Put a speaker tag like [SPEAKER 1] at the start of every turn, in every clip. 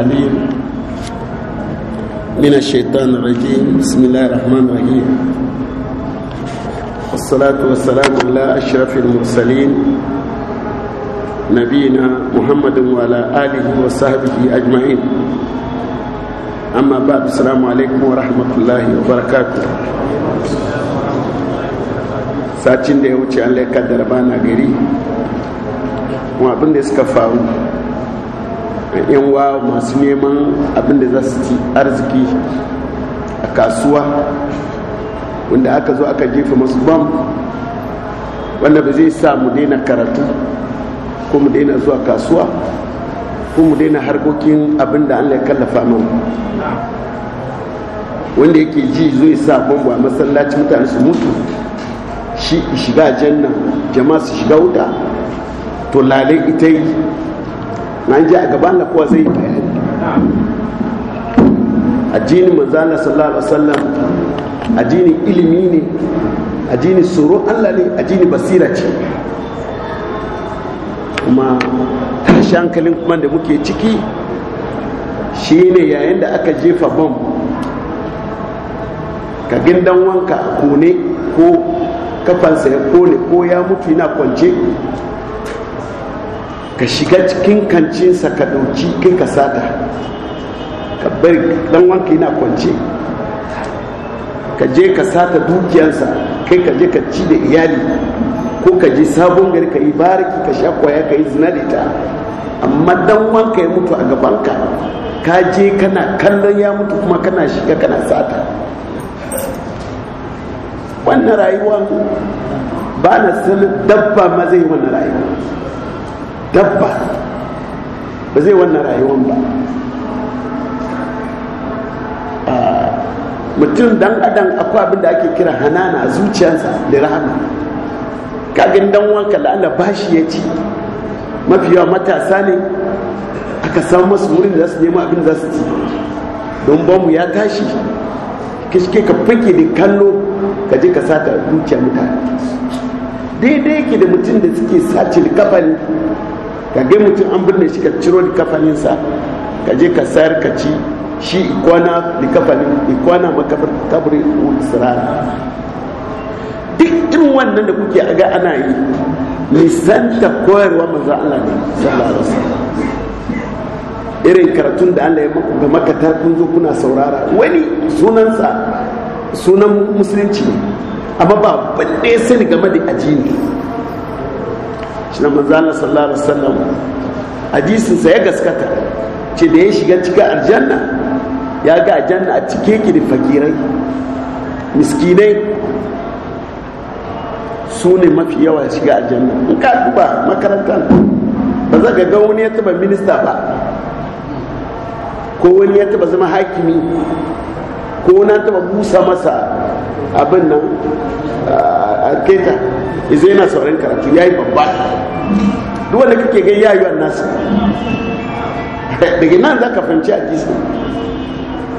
[SPEAKER 1] العليم من الشيطان الرجيم بسم الله الرحمن الرحيم والصلاة والسلام على أشرف المرسلين نبينا محمد وعلى آله وصحبه أجمعين أما بعد السلام عليكم ورحمة الله وبركاته sacin da ya wuce an laikar da rabana na gari abin da suka faru yan wa masu neman abinda da za su ci arziki a kasuwa wanda aka zo aka jefa masu bam wanda ba zai sa mu daina karatu ko mu daina zuwa kasuwa ko mu daina harkokin abinda da allah ya kallafa mu wanda yake ji zai sa bambu a masallaci mutane su mutu shi shiga jannan jama'a su shiga wuta to lalai ita yi na ji a gaban da kowa zai bayani addinin manzana sallallahu alaihi wasallam addinin ilimi ne addinin tsoro allah ne addinin basira ce kuma shankalin kuma da muke ciki shi ne yayin da aka jefa bom ka gindan wanka kone ko kafansa ya kone ko ya mutu yana kwance ka shiga cikin kancinsa ka ɗauki kai ka sata ka bari ɗan wanka yana kwance ka je ka sata dukiyarsa kai ka je ka ci da iyali ko ka je sabon gari ka yi bariki ka sha kwaya ka yi zina da amma ɗan wanka ya mutu a gabanka ka je kana kallon ya mutu kuma kana shiga kana sata wannan rayuwa ba na sanin dabba ma zai wannan rayuwa dabba ba zai wannan rayuwan ba ah, mutum dan adam akwai abin da ake kira hanana a zuciyarsa da rahama kagin dan wanka la'ala bashi ya ci mafi yawa matasa ne aka samu masu wurin da za su nema abin za su ci don bamu ya tashi kishke ka fake da kallo ka je ka sata zuciya mutane daidai ke da mutum da suke sace likafani ka ga mutum an birne shi ka ciro likafaninsa ka je ka sayar ka ci shi ikwana kafanin ikwana makafar kabri sirara duk irin wannan da kuke aga ana yi nisanta koyarwa maza Allah ne sallallahu irin karatun da Allah ya maku da makata kun zo kuna saurara wani sunansa sunan musulunci amma ba balle sani game da ajiyar shi na manzana sallallahu alaihi wasallam sa ya gaskata ce da ya shiga cikin aljanna ya ga aljanna a cike ki da fakirai miskinai su ne mafi yawa shiga aljanna in ka duba makaranta ba za ga wani ya taba minista ba ko wani ya taba zama hakimi ko wani ya taba busa masa abin nan ah, a keta izo yana sauran karatu ya yi babba duk wanda kake gai ya yi wa nasu daga nan za ka fahimci a jisa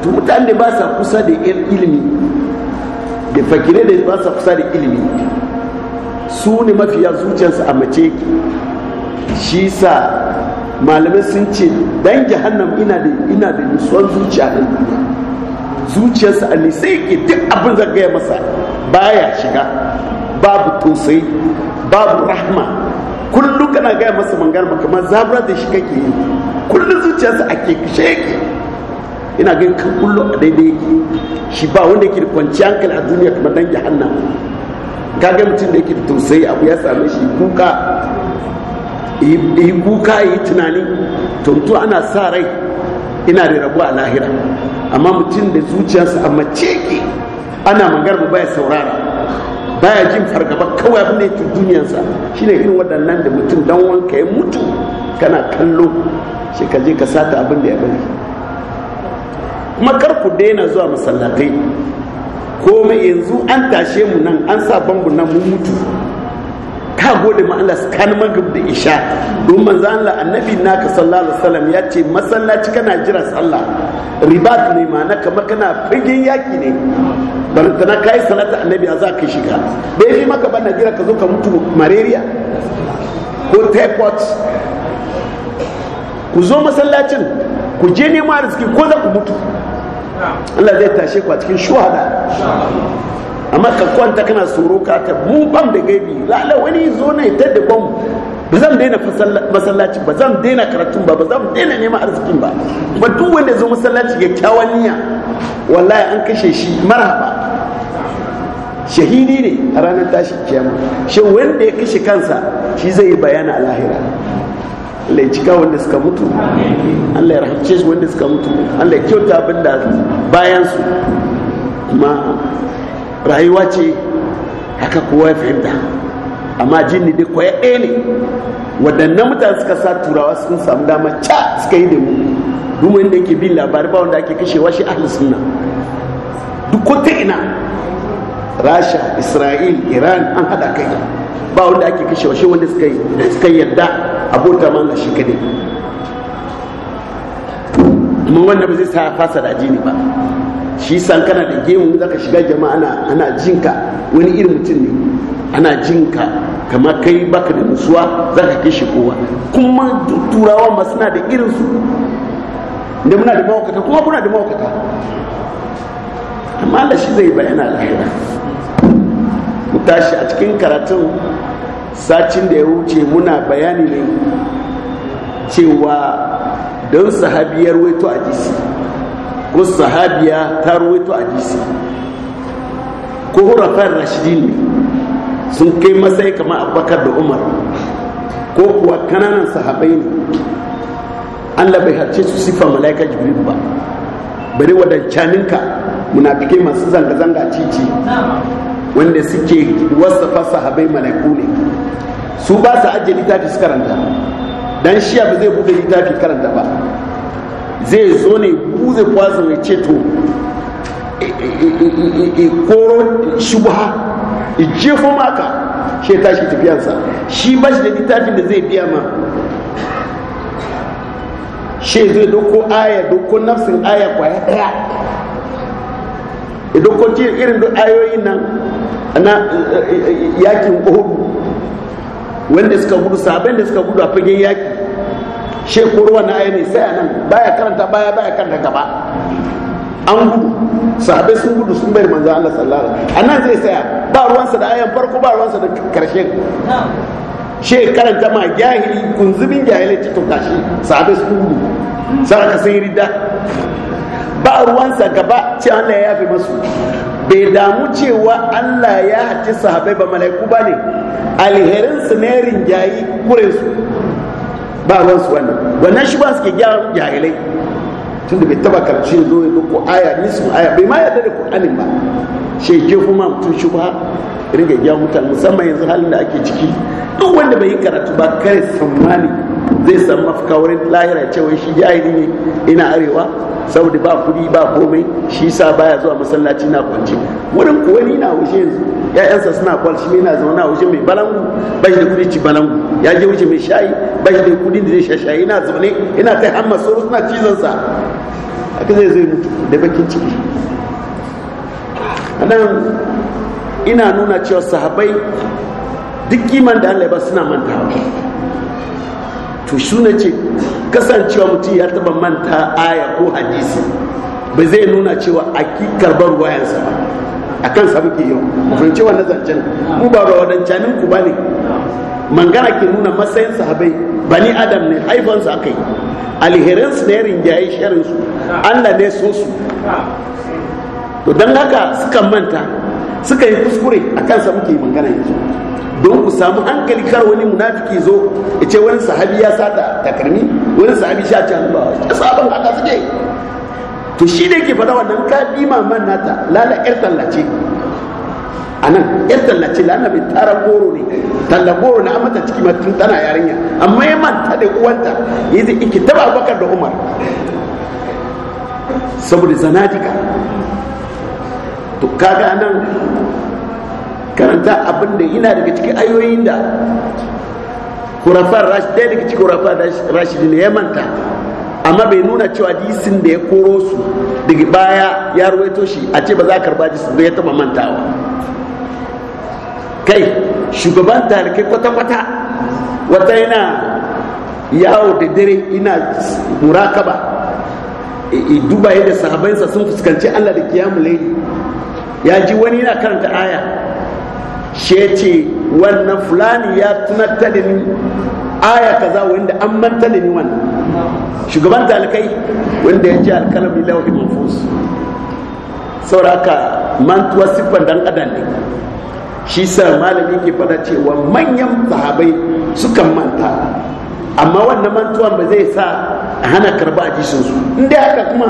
[SPEAKER 1] to mutane da ba sa kusa da ilimi da fakire da ba sa kusa da ilimi su ne mafiya zuciyarsu a mace shi sa malamai sun ce dan jahannam ina da ina da nutsuwar zuciya ɗan duniya zuciyarsa a nisa yake duk abin da gaya masa baya shiga babu tausayi babu rahma kullum kana gaya masa mangar maka ma zabura da shi kake yi kullum zuciyarsa a ke kishe yake ina gani kan kullum a daidai yake shi ba wanda yake da kwanci hankali a duniya kamar hannu ka ga mutum da yake da tausayi abu ya same shi kuka yi kuka yi tunani tuntu ana sa rai ina da rabu a lahira amma mutum da zuciyarsa a mace ke ana magarba baya saurara baya jin fargaba kawai abin da yake duniyarsa shine irin waɗannan da mutum dan wanka ya mutu kana kallo shi ka je ka sata abin da ya bari kuma kar ku daina zuwa masallatai komai yanzu an tashe mu nan an sa bambu nan mun mutu ka gode ma Allah tsakanin magab da isha don manzo Allah annabi naka sallallahu alaihi wasallam ya ce masallaci kana jira sallah ribat ne ma'ana kamar kana fagen yaki ne tana kai salata annabi a za ka shiga da fi maka ban jira ka zo ka mutu malaria ko typhoid ku zo masallacin ku je neman arziki ko za ku mutu Allah zai tashe ku a cikin shuhada amma ka kwanta kana tsoro ka ta mu ban da gaibi lalle wani zo ne ta da ban ba zan daina masallaci ba zan daina karatun ba ba zan daina neman arzikin ba ba duk wanda zo masallaci ga kyawun niyya wallahi an kashe shi marhaba shahidi ne a ranar tashi kiyama shi wanda ya kashe kansa shi zai yi bayana a lahira Allah ya cika wanda suka mutu Allah ya rahimce shi wanda suka mutu Allah ya kyauta abinda bayan su kuma rayuwa ce haka kowa ya fahimta amma jini dai kwaya ɗaya ne waɗannan mutane suka sa turawa sun samu dama ca suka yi da mu domin da yake bin labari ba wanda ake kashewa shi ahli sunna duk ko ta ina rasha isra'il iran an haɗa kai ba wanda ake kashewa shi wanda suka yarda abota man shi kadai kuma wanda ba zai sa fasa da jini ba shi san kana da gemu zaka shiga jama'a ana ana jinka wani irin mutum ne ana jinka kamar kai baka da nutsuwa zaka kishi kowa kuma turawa ma suna da irin su da muna da mawakata kuma kuna da mawakata amma Allah shi zai bayyana lahira ku tashi a cikin karatun sacin da ya wuce muna bayani ne cewa don sahabiyar waito a jisi ko sahabiya ta ruwaito disi ko hurafar rashidin ne sun kai matsayi kamar abubakar da umar ko kuwa kananan sahabai ne an bai harce su sifa mala'ika jibril ba bari wadancaninka munafike masu zanga-zanga cici wanda suke wasafa sahabai mala'iku ne su ba su ajiye littafi su karanta dan shiya ba zai buɗe littafi karanta ba zai zo ne mu zai kwazo ya ce to koro shubha jefo maka shi tashi tafiyansa shi ba shi da littafin da zai biya ma shi zai doko aya doko nafsin aya kwaya daya doko ce irin da ayoyi nan na eh, eh, eh, yakin ƙohu wanda suka gudu sabon da suka gudu a fagen yakin shekuru wani na ne sai anan baya karanta baya baya karanta gaba an gudu sahabai sun gudu sun bari manzo Allah sallallahu alaihi wasallam anan zai saya ba ruwansa da ayan farko ba ruwansa da karshe she karanta ma jahili kunzumin jahili ta tuka shi sahabai sun gudu saraka sai ridda ba ruwansa gaba ce Allah ya yafe masu bai damu cewa Allah ya haci sahabai ba mala'iku ba ne alherin su ne rinjayi kurensu ba su wannan wannan shi ba suke gyara jahilai tun da bai taba karshe zo ya ko aya nisu aya bai ma yarda da qur'anin ba shi ke kuma mutum shi ba ringa gyara mutane musamman yanzu halin da ake ciki duk wanda bai yi karatu ba kare tsammani zai san mafaka wurin lahira cewa shi jahili ne ina arewa saboda ba kudi ba komai shi sa baya zuwa masallaci na kwanci wurin kuwa ni na wuce yanzu ya'yansa suna kwalci mai na zama na wuce mai balangu ba shi da kudi ci balangu ya je wuce mai shayi ba shi da kudi da zai shayi ina zaune ina kai hamma soro suna cizon sa haka zai zai mutu da bakin ciki anan ina nuna cewa sahabbai duk kiman da Allah ya ba suna mantawa to su na ce kasancewa mutum ya taba manta aya ko hadisi ba zai nuna cewa a ki karbar wayansa ba a kan sa muke yau ku fahimci wannan zancen ku ba ba wadancanin ku ba ne mangana ke nuna matsayin sahabai bani adam ne haifansa aka yi alherinsu yarin rinjaye sharinsu allah ne so su to don haka suka manta suka yi kuskure a kan kansa muke mangana yanzu don ku samu hankali kar wani munafiki zo ya ce wani sahabi ya sata takarmi wani sahabi sha can ba a sabon haka suke to shi da yake fada wannan ka bi man nata lala yar tallace a nan yar tallace lana mai tara goro ne talla goro na amata ciki ma tun tana yarinya amma ya manta da uwanta ya zai iki taba bakar da umar saboda zanadika to kaga nan karanta abin da yana daga cikin ayoyin da kurafar rashid ɗaya daga cikin kurafar ne ya manta amma bai nuna cewa disin da ya koro su daga baya ya ruwaito shi a ce ba za a karba hadisin ba ya taba mantawa kai shugaban tarikai kwata-kwata wata yana yawo da dare ina ba duba da sahabansa sun fuskanci allah da kiyamu laili ya ji wani yana karanta aya shi ce wannan fulani ya tunatta da ni aya kaza wanda an manta da ni wannan shugaban talikai wanda ya ce alkalami lauhi mafus sauraka mantuwa siffar dan adam ne shi sa malami ke fada cewa manyan sahabai sukan manta amma wannan mantuwan ba zai sa hana karba a su? inda haka kuma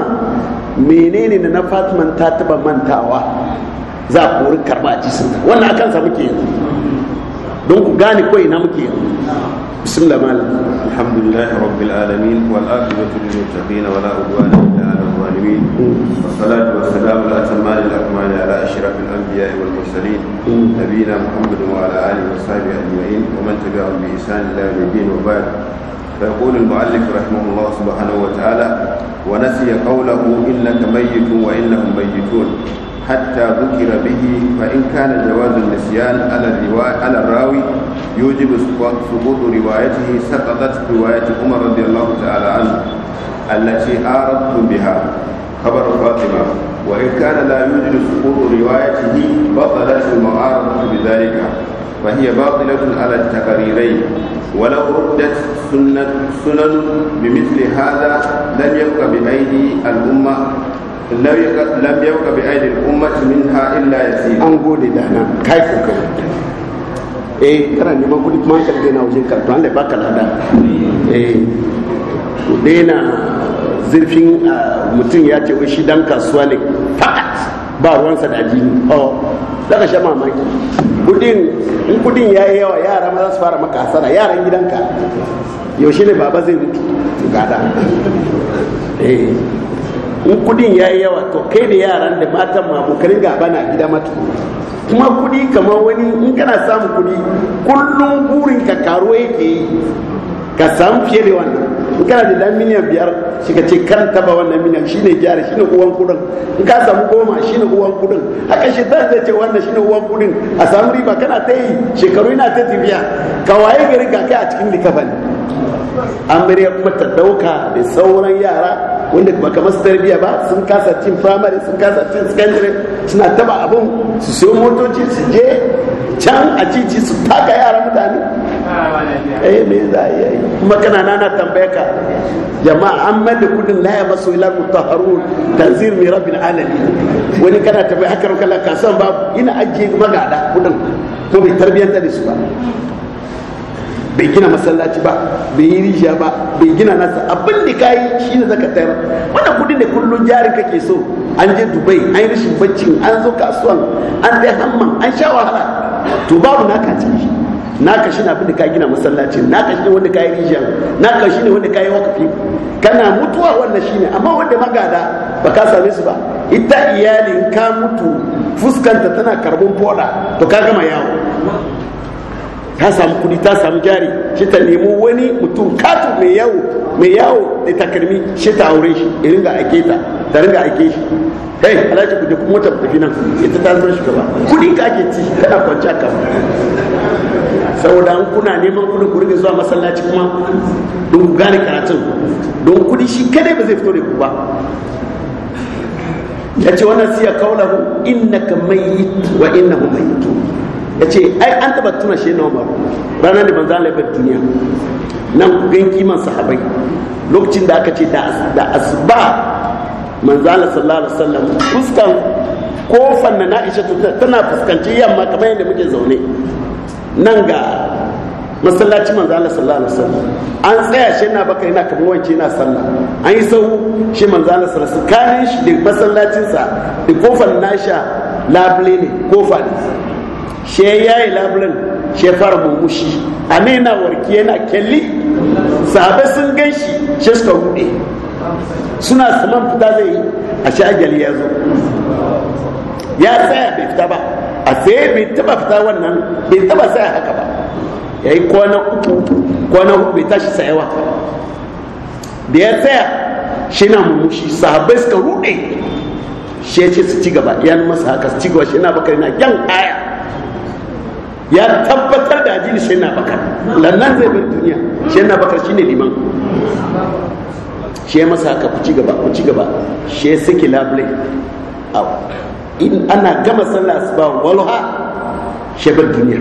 [SPEAKER 1] menene na fatima ta taba mantawa za a kori karba a ci sunna wannan akan sa muke yanzu don ku gane ko ina muke yanzu
[SPEAKER 2] bismillah malam alhamdulillahi rabbil alamin wal aqibatu lil muttaqin wala udwana illa ala الظالمين والصلاة والسلام الأتمان الأكمال على أشرف الأنبياء والمرسلين نبينا محمد وعلى آله وصحبه أجمعين ومن تبعهم بإحسان إلى يوم الدين وبعد فيقول المؤلف رحمه الله سبحانه وتعالى ونسي قوله إنك ميت وإنهم ميتون حتى ذكر به فإن كان جواز النسيان على, على الراوي يوجب سقوط روايته سقطت رواية عمر رضي الله تعالى عنه التي آردتم بها خبر فاطمة وإن كان لا يوجد سقوط روايته بطلت المعارضة بذلك فهي باطلة على التقريرين ولو ردت سنن بمثل هذا لم يبق بأيدي الأمة lam yauka bi aidil ummati minha illa yasir
[SPEAKER 1] an gode da nan kai eh mutum ya ce shi dan kasuwa ne fakat ba da oh daga sha mamaki in kudin ya yi yawa yara ma za su fara maka asara yaran gidanka yaushe ne baba zai mutu gada eh. in kudin ya yi yawa to kai da yaran da matan ma abokanin gaba bana gida mata kuma kudi kamar wani in kana samun kudi kullum burin ka karo yake yi ka samu fiye da wannan in kana da dan miliyan biyar shi ka ce kan taba wannan miliyan shi ne gyara shi ne uwan kudin in ka samu goma shi ne uwan kudin haka shi ta zai ce wannan shi ne uwan kudin a samu riba kana ta yi shekaru yana ta tafiya ka waye gari ga kai a cikin likafani an bari kuma ta dauka da sauran yara wanda ba kamar tarbiyya ba sun kasa cin firamare sun kasa cin secondary suna taba abun su siyo motoci su je can a cici su taka yara mutane eh me za a yi kuma kana nana tambaya ka jama'a an mai da kudin laya maso ila taharu tanzir mai rabin alali wani kana tambaye haka kala kasan babu ina ajiye magada kudin ko bai tarbiyyanta da su ba bai gina masallaci ba bai yi rijiya ba bai gina nasa abin da ka yi shi ne zaka tayar wannan kudin da kullun jarin kake so an je dubai an yi rashin bacci an zo kasuwan an dai hamman an sha wahala to babu naka ciki ka shi na abin da ka gina masallaci na ka shi ne wanda ka yi rijiya ka shi ne wanda ka yi wakafi kana mutuwa wannan shine amma wanda magada ba ka same su ba ita iyalin ka mutu fuskanta tana karbon boda to ka gama yawo ta samu kudi ta samu jari shi ta nemo wani mutum katu mai yawo mai yawo da takarmi shi ta aure shi ya ringa ake ta ta ringa ake shi kai alhaji ku tafi mota tafi nan ita ta shi gaba kudi ka ake ci na kwanci a kan saboda an kuna neman kudin ku ringa zuwa masallaci kuma don ku gane karatun don kudi shi kadai ba zai fito da ku ba ya ce wannan siya kaulahu innaka yi wa innahu yi. ya ce ai an taba tuna shi na ba ranar da banza Allah duniya nan gan kiman sahabai lokacin da aka ce da asba manzo Allah sallallahu alaihi wasallam fuskan kofan na Aisha tana fuskanci yamma kamar yadda muke zaune nan ga masallaci manzo Allah sallallahu alaihi wasallam an tsaya shi na baka yana kamar wance yana sallah an yi sau shi manzo Allah sallallahu alaihi wasallam kanin shi da masallacinsa da kofan nasha labule ne kofa ne she ya yi labulan she fara a ne na warki yana kelli sahabe sun gan shi she suka rude suna saman fita zai yi a shi ajali ya zo ya tsaya bai fita ba a sai bai taba fita wannan bai taba tsaya haka ba ya yi kwana uku kwana uku bai tashi tsayawa da ya tsaya shi na mummushi sahabe suka rude shi ya ce su ci gaba yan masa haka su ci gaba shi na bakar na yan aya ya tabbatar da ajini shi na bakar lannan zai bar duniya shi na bakar shine liman shi masa haka ku ci gaba ku ci gaba shi suke labule in ana gama sallah asuba walha shi bar duniya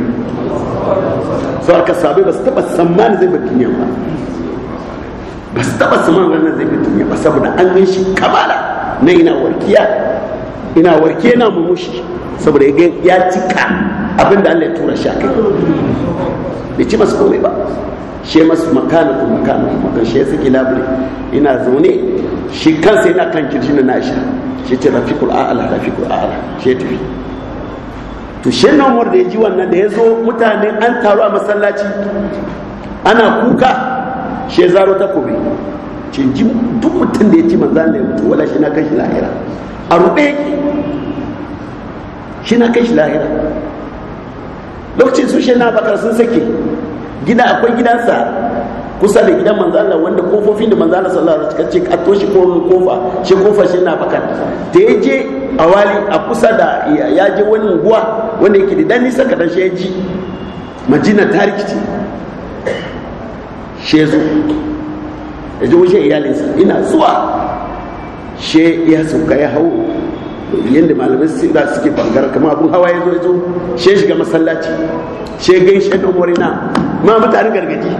[SPEAKER 1] su aka sabai ba su taba tsammanin zai bar duniya ba ba su taba tsammanin ranar zai bar duniya ba saboda an gan shi kamala na ina warkiya ina warke na mumushi saboda ya cika abinda Allah ya tura shi kai bai ci masu komai ba she masu makana ko makana makan she suke labule ina zaune shi kansa yana kan kirjin na Aisha shi ce rafiqul a'la rafiqul a'la she tafi to she na umar da ya ji wannan da ya zo mutane an taru a masallaci ana kuka she zaro kobe ce duk mutum da ya ci manzan da ya mutu wala shi na kai shi lahira
[SPEAKER 3] a ruɗe yake
[SPEAKER 1] shi na kai shi lahira lokacin su shi na bakar sun sake gida akwai gidansa kusa da gidan manzala wanda kofofin da manzala sallallahu alaihi wasallam ce a toshe ko kofa shi kofa shi na bakar da ya je a wali a kusa da ya je wani unguwa wanda yake da dan nisa kadan shi ya ji majina ta rikici shi zo ya ji wuce iyalinsa ina zuwa shi ya sauka ya hau yadda malamai da suke bangar kama abin hawa ya zo ya zo shi shiga masallaci shi gan shi ɗan umar na ma mutane gargaji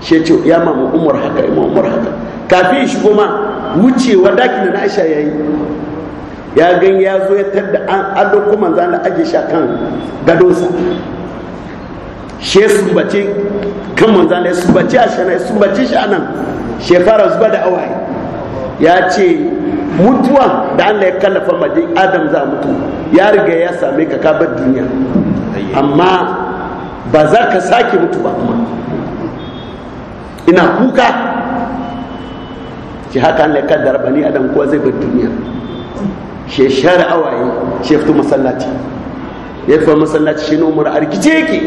[SPEAKER 1] shi ce ya mamu umar haka ya umar haka kafin shigo ma wucewa dakin da aisha ya yi ya gan ya zo ya tadda an ado kuma zan da shi a kan gadonsa ya sumbace kan manzan da ya sumbace a shana ya sumbace shi a nan zuba da awaye ya ce mutuwan da Allah ya kallafa majin adam za mutu ya riga ya same ka ka bar duniya amma ba za ka sake mutu ba kuma ina kuka ki haka Allah ya kaddara bani adam kuwa zai bar duniya she share awaye she fito masallaci ya fito masallaci shi ne umar a rikice yake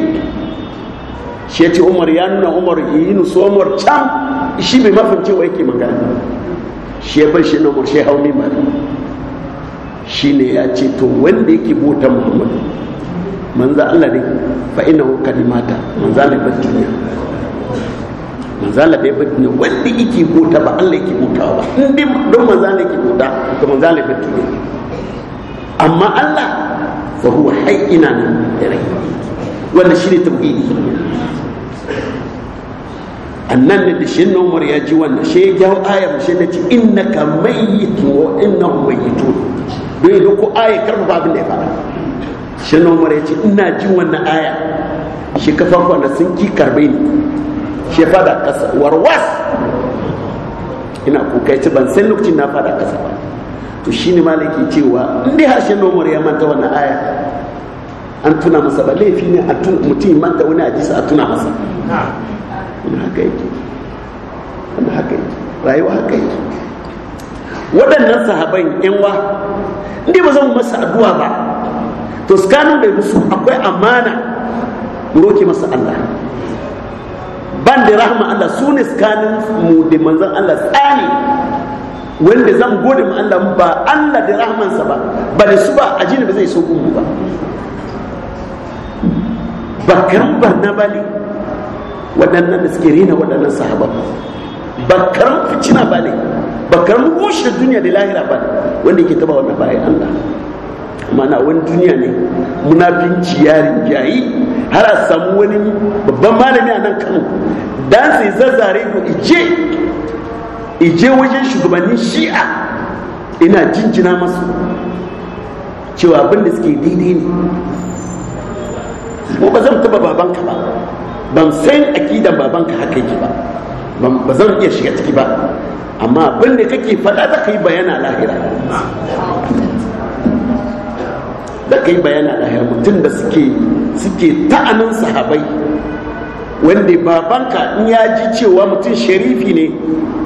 [SPEAKER 1] shi ya ce umar ya nuna umar yi nusu umar can shi bai mafi wa yake magana shi ya bar shi na murshe hau ne mana shi ne ya ce to wanda yake bota muhammadu manza Allah ne fa ina hukar mata manza Allah bar duniya manza Allah bai duniya wanda yake bota ba Allah yake bota ba inda don manza Allah yake bota to manza Allah bar duniya amma Allah fa huwa hayyina ne da rai wannan shi ne tabbidi annan da shi nan umar ya ji wannan shi ya gawo aya shi na ci inna ka mayyitu wa inna hum mayyitun bai da ko aya karfafa abin da ya fara shi nan umar ya ce ina ji wannan aya shi farko na sun ki karbe ni shi fada kasa warwas ina kuka ci ban san lokacin na fada kasa ba to shi ne malaki cewa in dai harshen na umar ya manta wannan aya an tuna masa ba laifi ne a tun mutum manta wani hadisi a tuna masa rayuwa haka yake waɗannan sahabai yanwa inda ba zan masa addu'a ba to skanin bai musu akwai amana mu masa Allah ban da rahama Allah su ne skanin mu da manzon Allah tsani wanda zan gode mu Allah ba Allah da rahmansa ba ba da su ba ajini ba zai so mu ba ba barna bali waɗannan da suke rina waɗannan sahaban ba karan fitina ba ne ba karan rushe duniya da lahira ba ne wanda yake taba wannan bayan Allah mana wani duniya ne binci yarin jayi har a samu wani babban malami a nan kano dan sai zazzare ko ije ije wajen shugabannin shi'a ina jinjina masu cewa abin da suke daidai ne ko ba zan taba babanka ba ban san akidan babanka haka yake ba ba zan iya shiga ciki ba amma abin da kake fada za ka yi bayana lahira da kai bayana lahira mutum da suke suke ta'anin sahabai wanda babanka in ya ji cewa mutum sharifi ne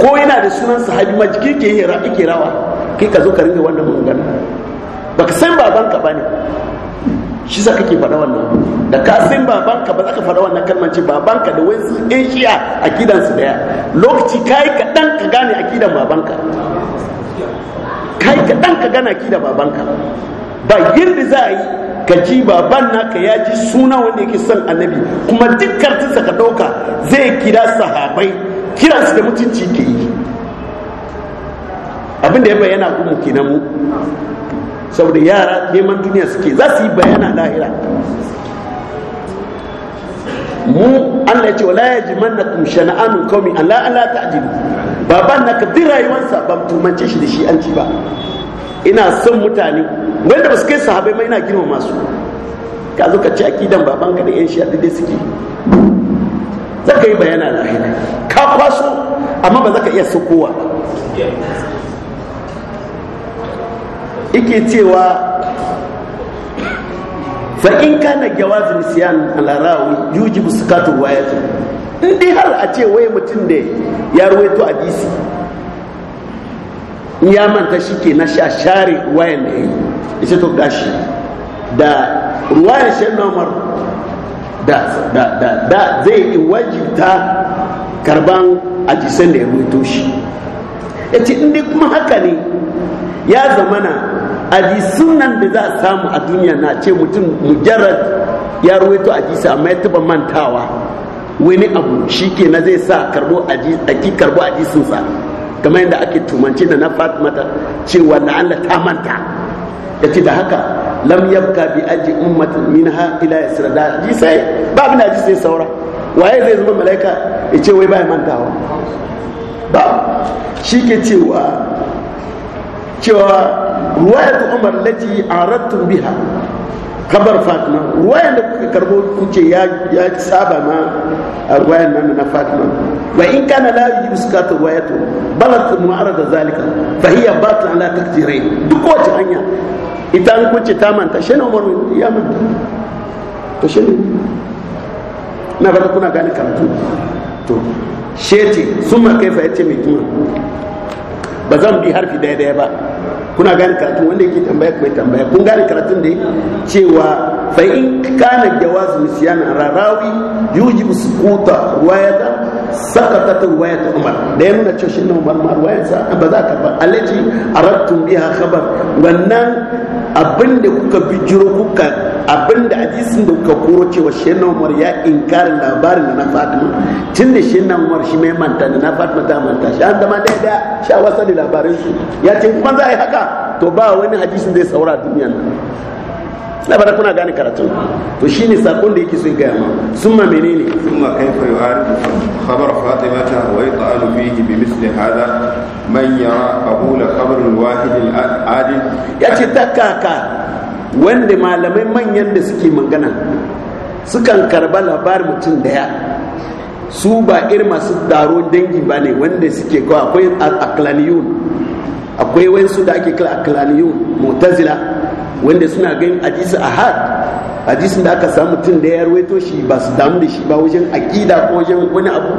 [SPEAKER 1] ko yana da sunan sahabi ma jiki ke yi rawa kai ka zo ka ringa wannan magana baka san babanka bane. shi sa kake faɗa wannan da ka san babanka ba za ka faɗa wannan kalmar ce babanka da wani ɗin shi a su daya lokaci kai kaɗan ka gane a gidan babanka kai kaɗan ka gane a kidan babanka ba yadda za a yi ka ji baban naka ya ji suna wanda yake son annabi kuma duk kartinsa ka ɗauka zai kira sahabai su da mutunci ke yi abin da ya bayyana mu kenan mu saboda yara neman duniya suke za su yi bayana lahira mu Allah ya ce wala yajimannakum anu qaumi an la ala ta'jilu baban naka yi wansa ba tumance shi da shi an ci ba ina son mutane wanda ba su kai sahabai mai ina girma masu ka zo ka ci akidan baban ka da yan shi dai suke za ka yi bayana lahira ka kwaso amma ba za ka iya sokowa ba yake cewa fa in kana jawazin siyan alarawi yujibu sukatu riwayatu in dai har a ce wai mutum da ya ruwaito hadisi in ya manta shi ke na sha share ruwayan da yi ita to gashi da ruwayan shan nomar da da da da zai wajibta karban jisan da ya ruwaito shi ya ce in kuma haka ne ya zamana hadisun nan da za a samu a duniya na ce mutum mujarrad ya ruwaito hadisi amma ya taba mantawa wani abu shi ke na zai sa karbo ake karbo sa. kamar yadda ake tumance da na fatimata cewa na Allah ta manta ya ce da haka lam yabka bi aji ummatin ha ila yasra da hadisai ba abin da hadisai saura waye zai zama malaika ya ce wai baya mantawa ba shi ke cewa cewa ta umar lati arattun biha kabar fatima ruwaya da kuka karbo kuke ya saba ma a ruwayan nan na fatima wa in kana la ta sukata ruwayatu balat mu'arada zalika fa hiya batil ala takdirai duk wace hanya ita an kunce ta manta shi ne umar ya manta to shi ne na fata kuna gane karatu to sheti kai kaifa yace mai tuma ba zan bi harfi daya daya ba kuna gane karatu wanda yake tambaya mai tambaya kun gane karatun da cewa fa in kana jawaz nisyan rarawi yujibu sukuta ruwayata ta ruwayat umar da yana cewa shi ne umar ma sa ba za ka ba alaji aradtum biha khabar wannan abinda kuka bijiro kuka abinda hadisin da kuka koro cewa shenan umar ya inkari labarin da na fatima tun da shenan umar shi mai manta da na fatima ta manta shi an zama daya daya sha wasa da labarin su ya ce kuma za a yi haka to ba wani hadisin zai saura duniya nan labara kuna gane karatun to shine sakon da yake sun gaya ma sun ma kai kaifa yu'aridu
[SPEAKER 2] khabar fatimata wa yata'alu bihi bi misli hada man ya qabula
[SPEAKER 1] khabar wahid al-adil yace takaka wanda malamai manyan da suke magana sukan karba labarin mutum daya su ba irin masu daro dangi ba ne wanda suke kawai akwai aklaniyun akwai wayansu da ake kira aklaniyun mutazila wanda suna ganin hadisi ahad hadisin da aka samu tun da ya ruwaito shi ba su damu da shi ba wajen aqida ko wajen wani abu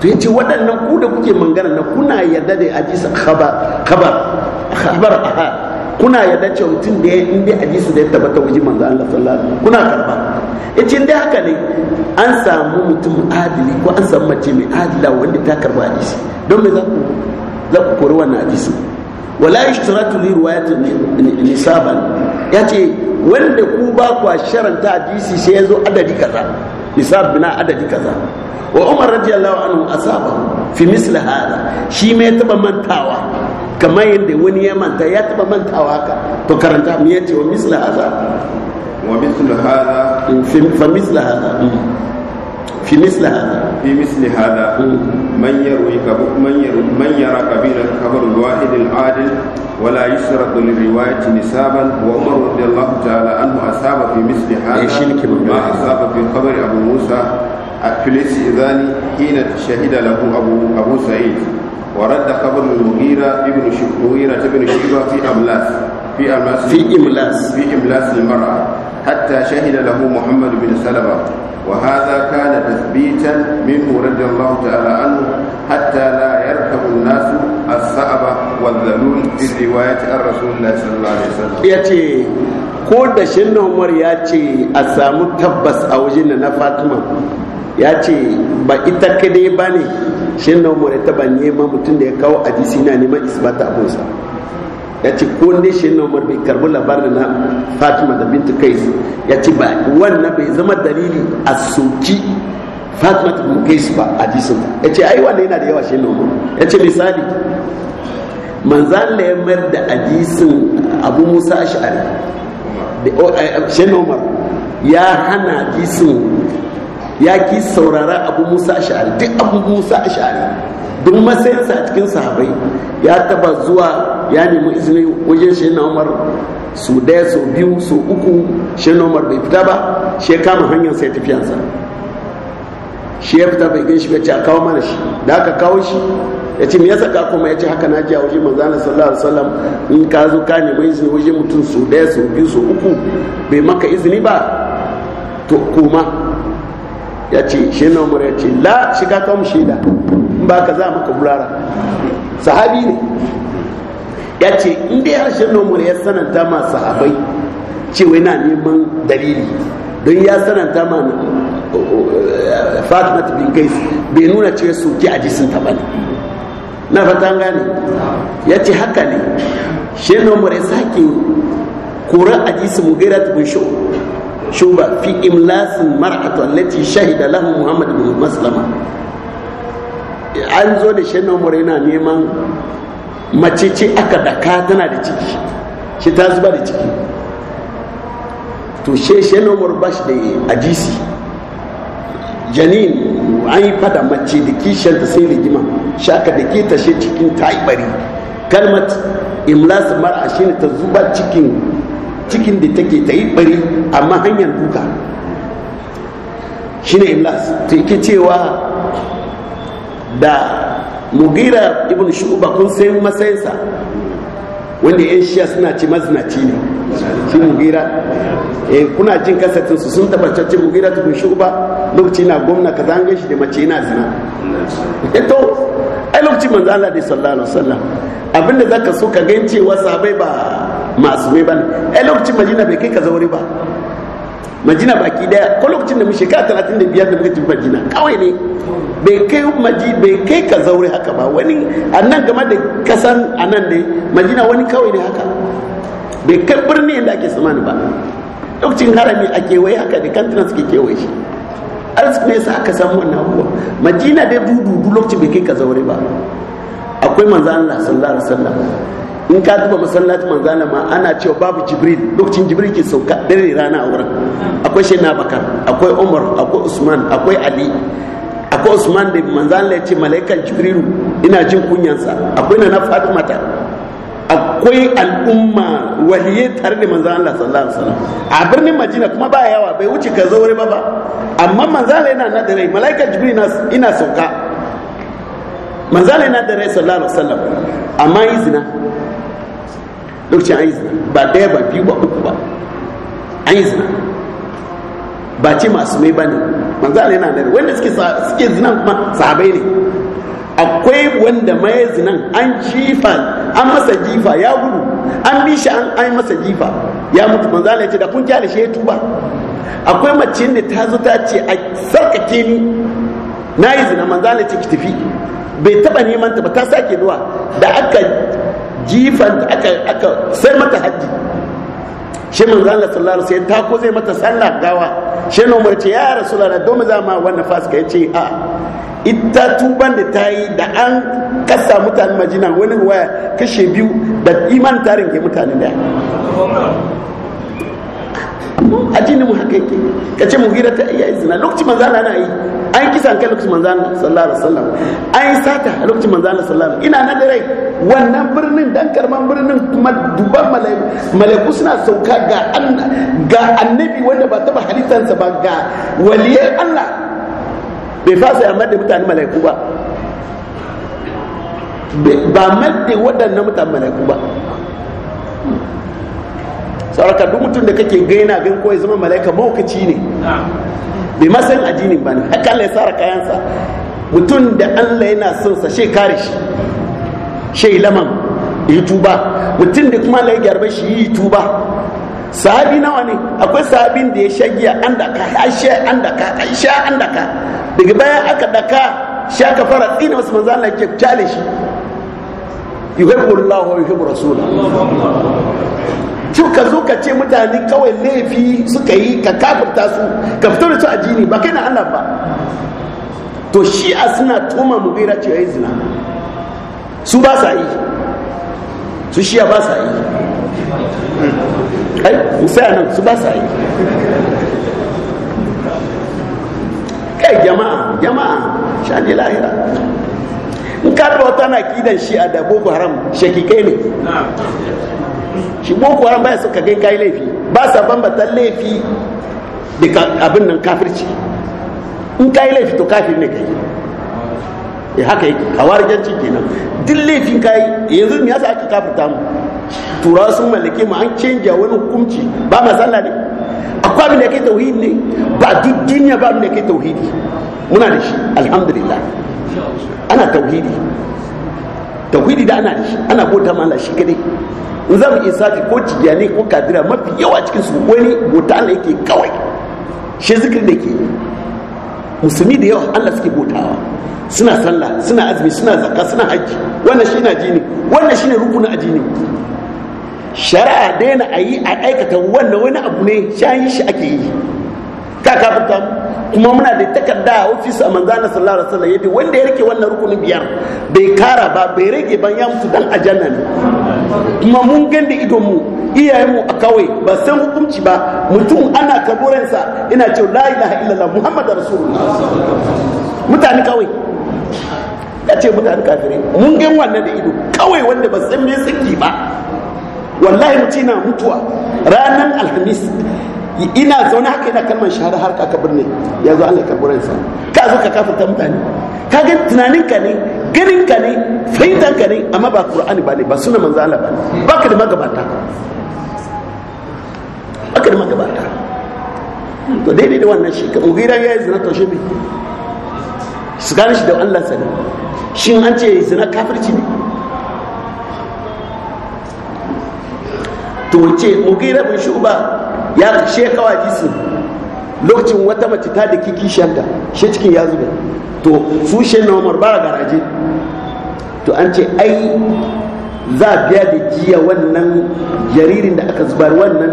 [SPEAKER 1] to yace waɗannan ku da kuke mangana na kuna yarda da hadisi khabar khabar khabar ahad kuna yarda cewa mutum da ya inda hadisi da ya tabbata wajen manzo Allah sallallahu alaihi kuna karba yace inda haka ne an samu mutum adili ko an samu mace mai adila wanda ta karba hadisi don me za ku za ku kori wannan hadisi wala yashtaratu li riwayat nisaban ya ce wanda ku ba kwa sharanta hadisi sai ya zo adadi kaza isab bina adadi kaza wa umar radiyallahu anhu asaba fi misli hada shi mai taba mantawa kamar yadda wani ya manta ya taba mantawa haka to karanta mu yace wa misli hada wa misli hada fa misli hada hmm. في مثل هذا في
[SPEAKER 2] مثل هذا من يروي من يروي من يرى كبير الخبر الواحد العادل ولا يشرط للرواية نسابا وعمر رضي الله تعالى عنه أصاب في مثل هذا ما أصاب في خبر أبو موسى الفليسي إذاني حين شهد له أبو أبو سعيد ورد خبر المغيرة ابن مغيرة ابن شيبة في أملاس في أماس في املاس في املاس المرأة حتى شهد له محمد بن سلمة وهذا كان تثبيتا منه رضي الله تعالى عنه حتى لا يركب الناس الصعب والذلول
[SPEAKER 1] في روايه الرسول الله صلى الله عليه وسلم ياتي كود شن عمر ياتي اسامو تبس a samu tabbas a wajen na fatima ya ce ba ita kadai ba ne shinna umar ya taba neman mutum ya ce ko ne shi na umar bai karbi labarin na fatima da bintu kais ya ce ba wannan bai zama dalili a soki fatima da bintu kais ba a jisun ya ce ai wannan yana da yawa shi na umar ya ce misali manzan da ya mayar da hadisin abu musa ash'ari oh, eh, eh, shi na umar ya hana hadisin ya ki saurara abu musa ash'ari duk abu musa ash'ari duk matsayinsa a cikin sahabai ya taba zuwa ya nemi izini wajen shi na umar su daya su biyu su uku shi na umar bai fita ba shi ya kama hanyar sai tafiyansa shi ya fita bai gan shi bai a kawo mana shi da aka kawo shi ya ce me yasa ka kuma ya ce haka na jiya a waje manzana sallallahu alaihi wasallam in ka zo ka nemi izini waje mutum su daya su biyu su uku bai maka izini ba to kuma ya ce shi na umar ya ce la shi ka kawo mu shaida in ba ka za maka bulara sahabi ne ya ce in dai harshen nomar ya sananta ma sahabai cewa yana neman dalili don ya sananta ma fatima bin kai bai nuna cewa soke a jisun ta bane na fata gane ya ce haka ne shi nomar ya sake kura a jisun ta bin sho shuba fi imlasin mar'atu allati shahida lahu muhammad bin maslama an zo da shi nomar yana neman mace ce aka daka tana da ciki shi ta zuba da ciki to she she nomar ba shi da ajisi janin an yi fada mace da kishiyarta sai rigima shi aka da ke tashe cikin ta yi bari kalmat imlas mar'a shine ta zuba cikin cikin da take ta yi bari amma hanyar duka shine imlas to yake cewa da mugira ibn shu'ba kun sai masayinsa wanda yan shiya suna ci mazinaci ne shi mugira eh kuna jin kasatin su sun taba cacce mugira ibn shuba lokaci na gwamna kaza an shi da mace yana zina eh to ai lokaci manzo Allah da sallallahu alaihi wasallam abinda zaka so ka gan cewa sahabbai ba masu ba ai lokaci madina bai kai ka zaure ba majina baki daya ko lokacin da mu shekara talatin da biyar da muka tafi majina kawai ne bai kai maji bai kai ka zaure haka ba wani a nan game da kasan a nan ne majina wani kawai ne haka bai kai birni inda ake tsammani ba lokacin harami a kewaye haka da kantina suke kewaye shi arziki ne sa aka samu wannan abubuwa majina dai dudu lokacin bai kai ka zaure ba akwai manzan Allah sallallahu alaihi wasallam in ka duba masallacin manzana ma ana cewa babu jibril lokacin jibril ke sauka dare rana a wurin akwai shi na bakar akwai umar akwai usman akwai ali akwai usman da manzana ya ce malaikan jibrilu ina jin kunyansa akwai na na fatimata akwai al'umma waliye tare da manzana Allah sallallahu alaihi wasallam a birnin Madina kuma ba yawa bai wuce ka zaure ba ba amma manzana yana na dare malaikan Jibril ina sauka manzana yana dare sallallahu alaihi wasallam amma zina lokacin an yi zina ba daya ba biyu ba uku ba an yi zina ba ce masu mai ba ne manzo Allah yana da wanda suke suke zina kuma sahabbai ne akwai wanda mai zinan an jifa an masa jifa ya gudu an bi shi an ai masa jifa ya mutu manzo Allah ya ce da kun kyale shi ya tuba akwai mace ne ta zo ta ce a sarkake ni na yi zina manzo Allah ya ce ki tafi bai taba neman ta ba ta sake zuwa da aka jifan da aka aka sai mata hajji shi manzo Allah sallallahu sai ta ko zai mata sallah gawa shi ne umar ce ya rasulullah don za ma wannan fasika yace a ita tuban da ta yi da an kasa mutanen majina wani waya kashe biyu da iman tarin ke mutane da addini mu haka yake ka ce mu hira ta iya izina lokaci manzo Allah na yi an kisa an kai lokacin manzo Allah sallallahu alaihi wasallam an yi sata a lokacin manzo Allah sallallahu alaihi wasallam ina nan rai wannan birnin dan karman birnin kuma duban malaiku suna sauka ga ga annabi wanda ba taba sa ba ga waliyan Allah bai fasa amma da mutane malaiku ba ba madde waɗannan mutane malaiku ba sauraka duk mutum da kake gaina gan koyi zama malaika maukaci ne bai ma san addinin ba ne haka Allah ya sara kayansa mutum da Allah yana son sa shi kare shi shi laman yi tuba mutum da kuma Allah ya gyarbe shi yi tuba sahabi nawa ne akwai sahabin da ya shagiya an daka ashe an daka ashe an daka daga bayan aka daka sha ka fara tsina wasu manzo Allah ya kyale shi yuhibbu Allah wa yuhibbu rasulahu ci ka zo ka ce mutane kawai laifi suka yi ka kafirta su ka fito da su a jini ba kai na Allah ba to shi a suna tuma mugira cewa yi zina su ba sa yi su shiya ba sa yi ai musaya nan su ba sa yi kai jama'a jama'a shaji lahira in ka wata na kidan shi'a da boko haram shakikai ne shi boko haram baya suka gai kai laifi ba sa bambata laifi da abin nan kafirci in kai laifi to kafir ne kai ya eh, haka yake kawarijanci kenan duk laifin kai yanzu me yasa ake kafirta mu tura sun mallake mu an canja wani hukunci ba ma sallah ne akwai abin da kai tauhidi ne ba duk duniya ba abin da kai tauhidi muna da shi alhamdulillah ana tauhidi tauhidi da ana da shi ana bota ma Allah shi kadai za mu isa sati ko cijiyane ko kadira mafi yawa cikin su wani bota Allah yake kawai shi zikirin da ke musulmi da yawa Allah suke botawa suna sallah suna azumi suna zakka suna hajji wannan shi na jini wannan shi ne rukunin ajini shari'a daina a yi a aikata wannan wani abu ne shayin shi ake yi ka kafin kuma muna da takarda a ofis a manzana sallallahu alaihi wasallam yadda wanda ya rike wannan rukunin biyar bai kara ba bai rage ban ya mutu dan ajanna ne kuma mun gan da idonmu iyayenmu a kawai ba san hukunci ba mutum ana kaburinsa ina ce la ilaha illallah muhammad rasulullah mutane kawai ya ce mutane kafirai mun gan wannan da ido kawai wanda ba san me saki ba wallahi mutum na mutuwa ranar alhamis ina zaune haka ina kalmar shahara har ka kaburne ya zo allah kaburinsa ka zo ka ta mutane ka ga tunanin ka ne ganin ka ne fahimtar ka ne amma ba qur'ani ba ne ba suna manzo Allah ba ba ka da magabata ba ka da magabata to daidai da wannan shi mugira ya yi zina to shi su gane shi da Allah sani shin an ce zina kafirci ne to ce mugira bin shuba ya shekawa jisun lokacin wata mace ta da kiki shanta shi cikin ya zube to su shi na umar ba garaje to an ce ai za a biya da jiya wannan jaririn da aka zubar wannan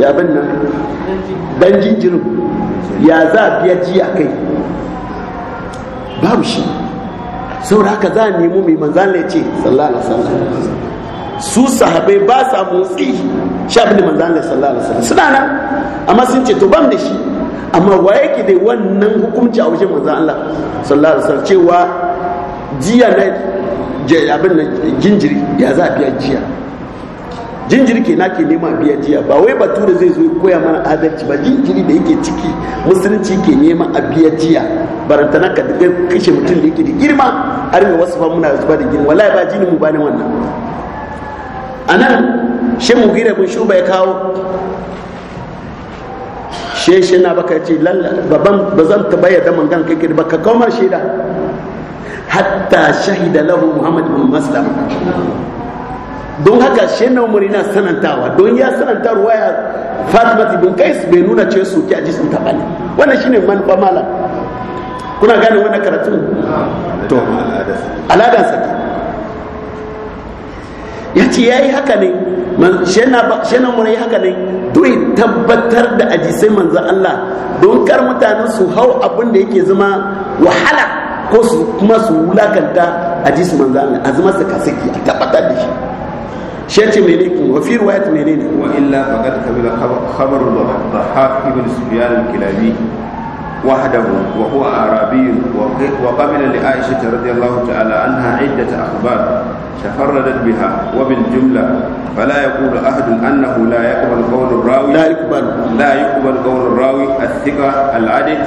[SPEAKER 1] yabin nan dan jinjirin ya za a biya jiya kai babu shi saboda haka za a nemi mai manzana ya ce sallallahu alaihi wasallam su sahabai ba sa motsi sha abin da manzan ya sallallahu alaihi wasallam suna nan amma sun ce to bam da shi amma wa yake da wannan hukunci a wajen manzan Allah sallallahu alaihi wasallam cewa jiya na abin jinjiri ya za a biya jiya jinjiri ke na ke nema biya jiya ba wai batu da zai zo koya mana adalci ba jinjiri da yake ciki musulunci ke nema a biya jiya baranta na kadigar kashe mutum da yake da girma har ga wasu fa muna zuba da girma wallahi ba jini mu bani wannan anan shi gira bin shuba ya kawo she shi na baka ce babban ba zan taɓa yadda gan kai ba ka kawo shaida hatta shahida lahu muhammad bin maslam don haka shi na umari na sanantawa don ya sananta ruwaya fatima bin kais bai nuna ce su ki a jisun taɓa ne wannan shine man ba mala kuna gane wannan karatu to aladan sa ya ce ya yi haka ne shi na umari haka ne to tabbatar da ajisai manzo Allah don kar mutane su hau abin da yake zama wahala ko su kuma su wulakanta ajis manzo Allah a zama su kasaki a tabbatar da shi shace mene ne. wa fi riwayat menene wa illa faqad kabila khabaru dhahab
[SPEAKER 2] ibn sufyan al-kilabi وحده وهو أعرابي وقبل لعائشة رضي الله تعالى عنها عدة أخبار تفردت بها وبالجملة فلا يقول أحد أنه لا يقبل قول الراوي لا يقبل لا يقبل قول الراوي الثقة العدل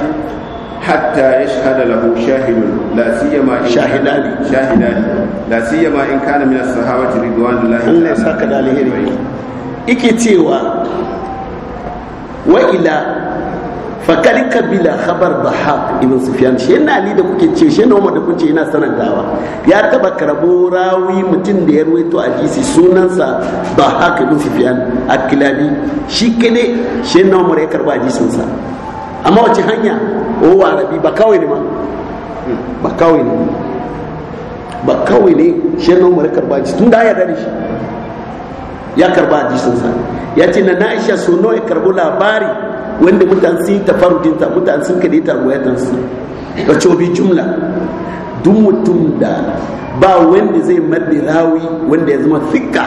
[SPEAKER 2] حتى يشهد له شاهد لا سيما شاهدان شاهدان لا سيما إن كان من الصحابة رضوان الله الله
[SPEAKER 1] يسكت عليه إكتيوا وإلى fakari kabila khabar da haq ibn sufyan shi yana ali da kuke ce shi noma da kuke yana sanantawa ya taba karabo rawi mutum da ya ruwaito a jisi sunansa da haq ibn sufyan akilabi shi kene shi noma ya karba a sa amma wace hanya o wa rabi ba kawai ne ma ba kawai ne ba kawai ne shi noma ya karba a tun da ya dare shi ya karba a sa ya ce na Aisha sunan ya karbo labari wanda mutane sun yi tafarudin ta mutane sun kade ta goyatan su cobi jumla duk mutum da ba wanda zai maddi rawi wanda ya zama fikka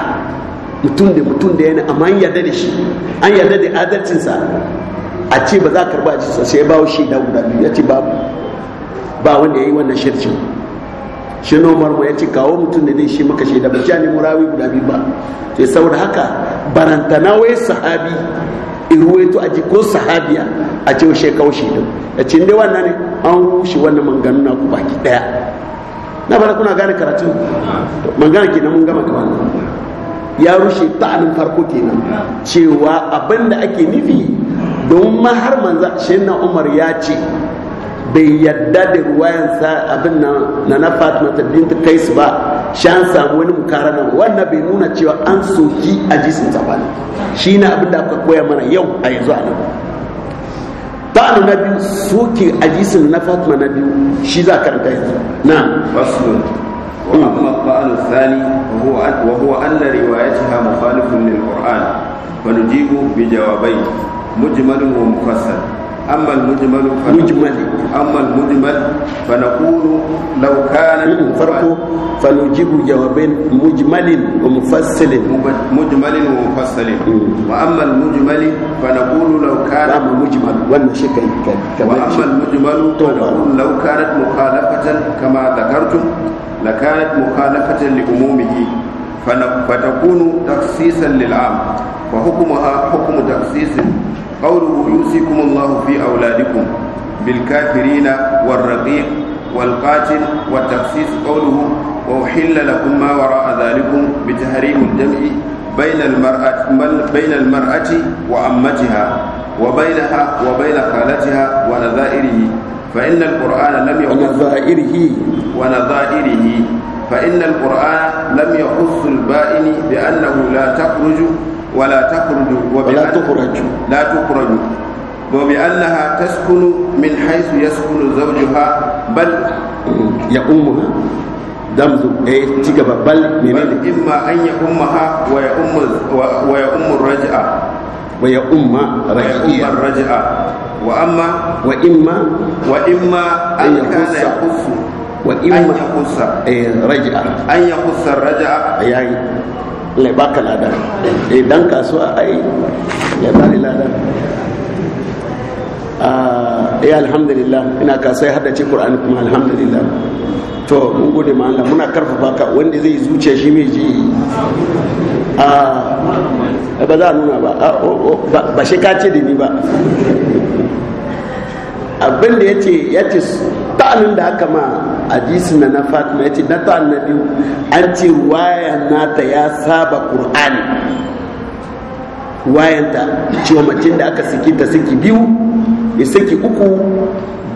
[SPEAKER 1] mutum da mutum da yana amma an yarda da shi an yarda da adalcinsa a ce ba za a karba shi sosai ya bawo shi da guda biyu ya ce babu ba wanda ya yi wannan shircin shi nomar mu ya ce kawo mutum da zai shi maka shaida ba jani murawi guda biyu ba sai saboda haka barantana wai sahabi ruwaito a ji ko sahabiya a ce shi kaushe din ya ce inda wannan ne an rushe wannan manganu na ku baki daya na fara kuna gane karatu mangana kenan mun gama wannan ya rushe ta'anin farko kenan cewa abinda ake nufi don mahar har manza shi na umar ya ce bai yadda da ruwayan abin nan na na fatima ta binta su ba shan samu wani mukara nan wannan bai nuna cewa an soki a jisin ba shi na abin da aka koya mana yau a yanzu a nan ta'anu na biyu soke a jisin na fatima na biyu shi za karanta yanzu
[SPEAKER 2] na faslun وأما الطعن الثاني وهو وهو أن روايتها مخالف للقرآن فنجيب بجوابين مجمل ومفصل أما المجمل مجمل أما المجمل فنقول لو كان فرق فنجيب جوابين مجمل ومفصل مجمل ومفصل وأما المجمل فنقول لو كان
[SPEAKER 1] مجمل وأما
[SPEAKER 2] المجمل فنقول لو كانت مخالفة كما ذكرتم لكانت مخالفة لعمومه فتكون تخصيصا للعام وحكمها حكم تخصيص قوله يوصيكم الله في أولادكم بالكافرين والرقيق والقاتل والتخصيص قوله وأحل لكم ما وراء ذلكم بتحريم الدمع بين المرأة بين المرأة وأمتها وبينها وبين خالتها ونذائره فإن القرآن لم يحث ونذائره ونذائره فإن القرآن لم يحث البائن بأنه لا تخرج ولا تخرجوا ولا تخرجوا لا تخرجوا وبأنها تسكن من حيث يسكن زوجها بل يؤمها damzu eh ci gaba bal menene imma an ya ummaha wa ya ummu wa ya ummu raj'a
[SPEAKER 1] wa ya umma raji'a raj'a
[SPEAKER 2] wa amma wa
[SPEAKER 1] wa yayi lai baka lada idan eh, kasuwa ai ya bari lada ya ah, eh, alhamdulillah ina kasa ya haddace qur'ani kuma alhamdulillah to mun gode ma Allah muna karfafa ka wanda zai zuciya shi mai ji a ah, ba za a nuna ba ah, ba shi kace da ni ba abin da ya ce ta'alin da aka ma hadisi na na fatima ce, na ta annabi an ce wayan nata ya saba wayan ta cewa macin da aka saki ta saki biyu ya saki uku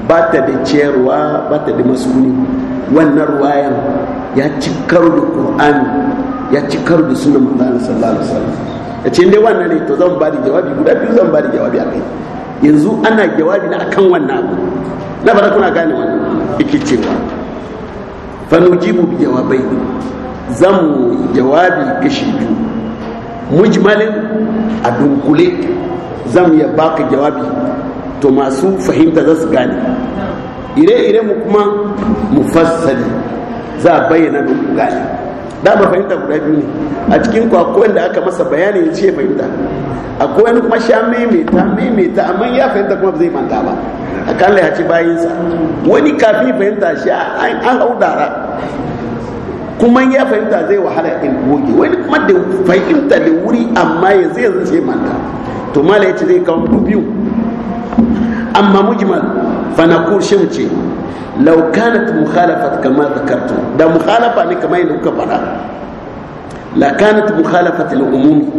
[SPEAKER 1] ba ta da ciyarwa ba ta da masuni wannan wayan ya ci karo da qur'ani ya ci karo da suna manzon sallallahu alaihi wasallam yace dai wannan ne to zan ba da jawabi guda biyu zan ba da jawabi kai yanzu ana jawabi na akan wannan abu na ba kuna gane wannan ikicewa فنجيب بجوابين jawabai جوابي jawabi kashi biyu mujmalin a dunkule zan ya baka jawabi to masu fahimta za su gane ire-ire mu kuma za a bayyana don ku da ba fahimta guda biyu ne a cikin ku akwai wanda aka masa bayani ya ce fahimta akwai wani kuma sha maimaita maimaita amma ya fahimta kuma ba zai manta ba akalla ya ci bayinsa wani kafin fahimta shi an hau dara kuma ya fahimta zai wahala ya goge wani kuma da fahimta da wuri amma ya zai yanzu sai manta to mala yace zai kawo mu biyu amma mujmal fa naqul shi mu ce law kanat mukhalafat kama karto da mukhalafa ne kamar yadda kuka faɗa la kanat mukhalafat al umumi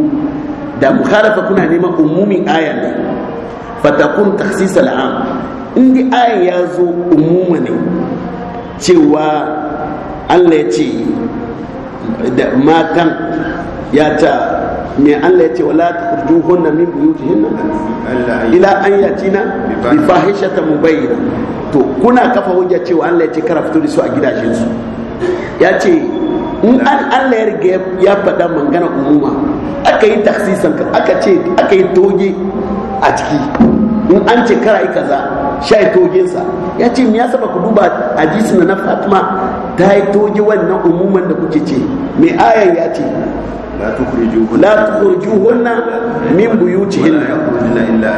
[SPEAKER 1] da mukhalafa kuna neman umumin aya ne fatakun takhsis al am inda ayin ya zo umuma ne cewa allah ya ce da matan ya ta ne Allah ya ce wala tukhrijuhunna min buyutihinna ila an ya ci na bi ta mubayyana to kuna kafa hujja cewa Allah ya ce kara fito da su a gidajen su ya ce in an Allah ya riga ya faɗa mangana umuma aka yi taksisan aka ce aka yi toge a ciki in an ce kara yi kaza sha togensa ya ce ya saba ba ku duba hadisin na Fatima ta yi toge wannan umuman da kuke ce me ayan ya ce لا تخرجوهن لا تخرجوهن من بيوتهن bayyana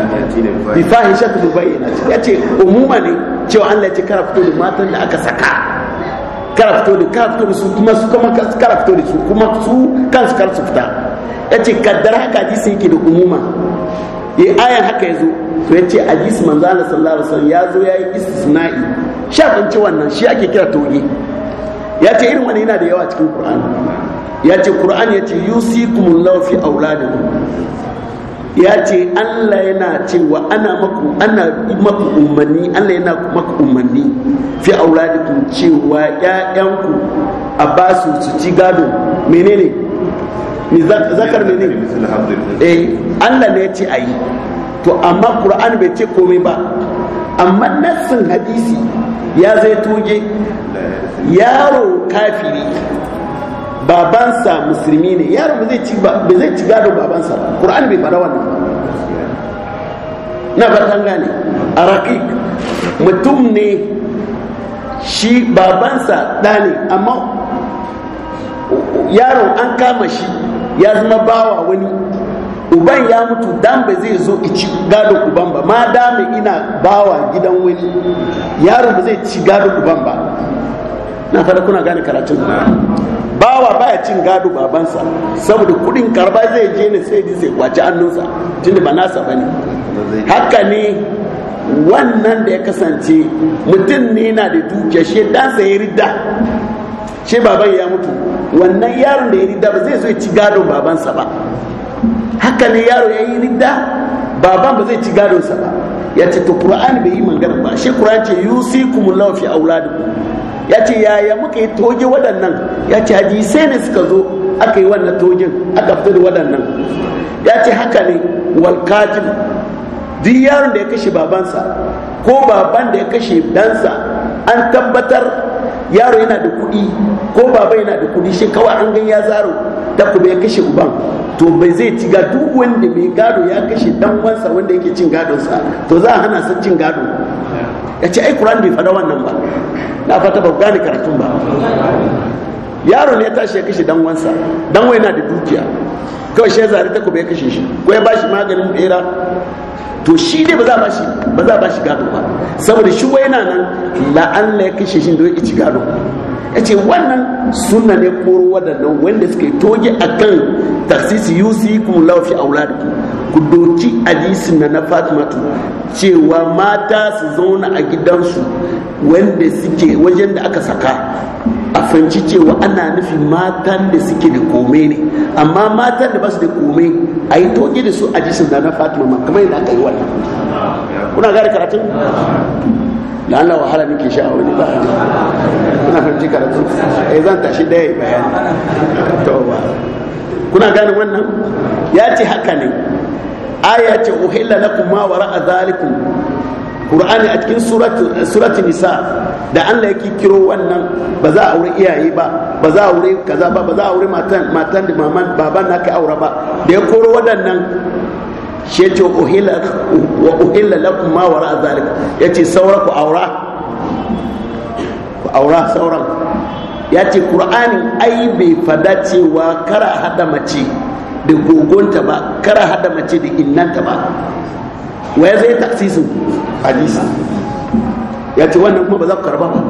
[SPEAKER 1] ya yace umuma ne cewa Allah ya kara fito da matan da aka saka kara fito da kara fito da su kuma su kuma kara fito da su kuma su kansu kar su fita yace kaddara haka ji yake da umuma ya eh, ayan haka ya zo to ya ce hadisi manzo Allah sallallahu alaihi ya zo ya yi istisna'i sha ci wannan shi ake kira toge. ya ce irin wani yana da yawa cikin qur'ani ya ce qur'ani ya ce yusikumullahu fi auladikum ya ce Allah yana cewa ana maku ana maku umarni Allah yana maku umarni fi auladikum cewa ƴaƴanku a basu su ci gado menene zakar ne ne eh Allah ne ya ce ayi to amma qura'ni bai ce komai ba amma nassin hadisi ya zai toge yaro kafiri babansa musulmi ne yaro ba zai ci ba zai ci gado babansa qura'ni bai fara wannan na fatan gane a raqiq mutum ne shi babansa ɗa ne amma yaron an kama shi ya zama bawa wani uban ya mutu dan ba zai zo ci gado uban ba ma dama ina bawa gidan wani yaron ba zai ci gado uban ba na fara kuna gane karatun bawa baya cin gado babansa saboda kudin karba zai je ne sai sai kwaci annunsa tunda ba nasa bane haka ne wannan da ya kasance mutum ne na da dukiya shi dan sai ridda shi baban ya mutu wannan yaron da ya ridda ba zai zo ya ci gadon babansa ba haka ne yaro ya yi ridda baban ba zai ci gadonsa ba ya ce to ƙura'an bai yi magana ba shi qur'an ce yusikumullahu fi wuladu ya ce yaya muka yi toge waɗannan ya ce sai ne suka zo aka yi wannan togen aka fito da waɗannan ya ce haka ne walkatil duk yaron da ya kashe babansa ko baban da ya kashe dansa an tabbatar yaro yana da kuɗi ko baba yana da kuɗi shi kawai an gan ya zaro ta kuma ya kashe uban to bai zai ci ga duk wanda mai gado ya kashe dan wansa wanda yake cin gadonsa to za a hana sa cin gado ya ce ai kuran bai fada wannan ba na fata ba gane karatun ba yaro ne ya tashi ya kashe dan wansa dan wai yana da dukiya kawai shi ya zari ta kuma ya kashe shi ko ya bashi maganin bera to shi ne ba za ba shi ba za ba shi gado ba saboda shi wai na nan la'alla ya kashe shi da ya ci gado ya ce wannan suna ne koro waɗannan wanda suke toge a kan taksisi yusi kuma laufi a wula ku doki hadisin na na fatimatu cewa mata su zauna a gidansu wanda suke wajen da aka saka a fanci cewa ana nufi matan da suke da kome ne amma matan da ba su da kome a yi toge da su a jisun da na fatima ma kamar yadda aka yi wani, kuna gane karatun lalla wahala nake sha a wani ba kuna fahimci karatun yi eh, zanta shi daya yi bayani to ba kuna gane wannan ya ce haka ne aya ce uhilla lakum ma wara'a zalikum qur'ani a cikin suratul nisa da Allah yake kiro wannan ba za a aure iyaye ba ba za a aure kaza ba ba za a aure matan matan da maman baban naka aura ba da ya koro waɗannan shi yace uhilla wa uhilla lakum ma wara zalik yace saura ku aura aura sauran yace qur'ani ai bai fada cewa kara hada mace da gogonta ba kara hada mace da innanta ba ya zai taksisin hadisi ya ce wannan kuma ba za ku karba ba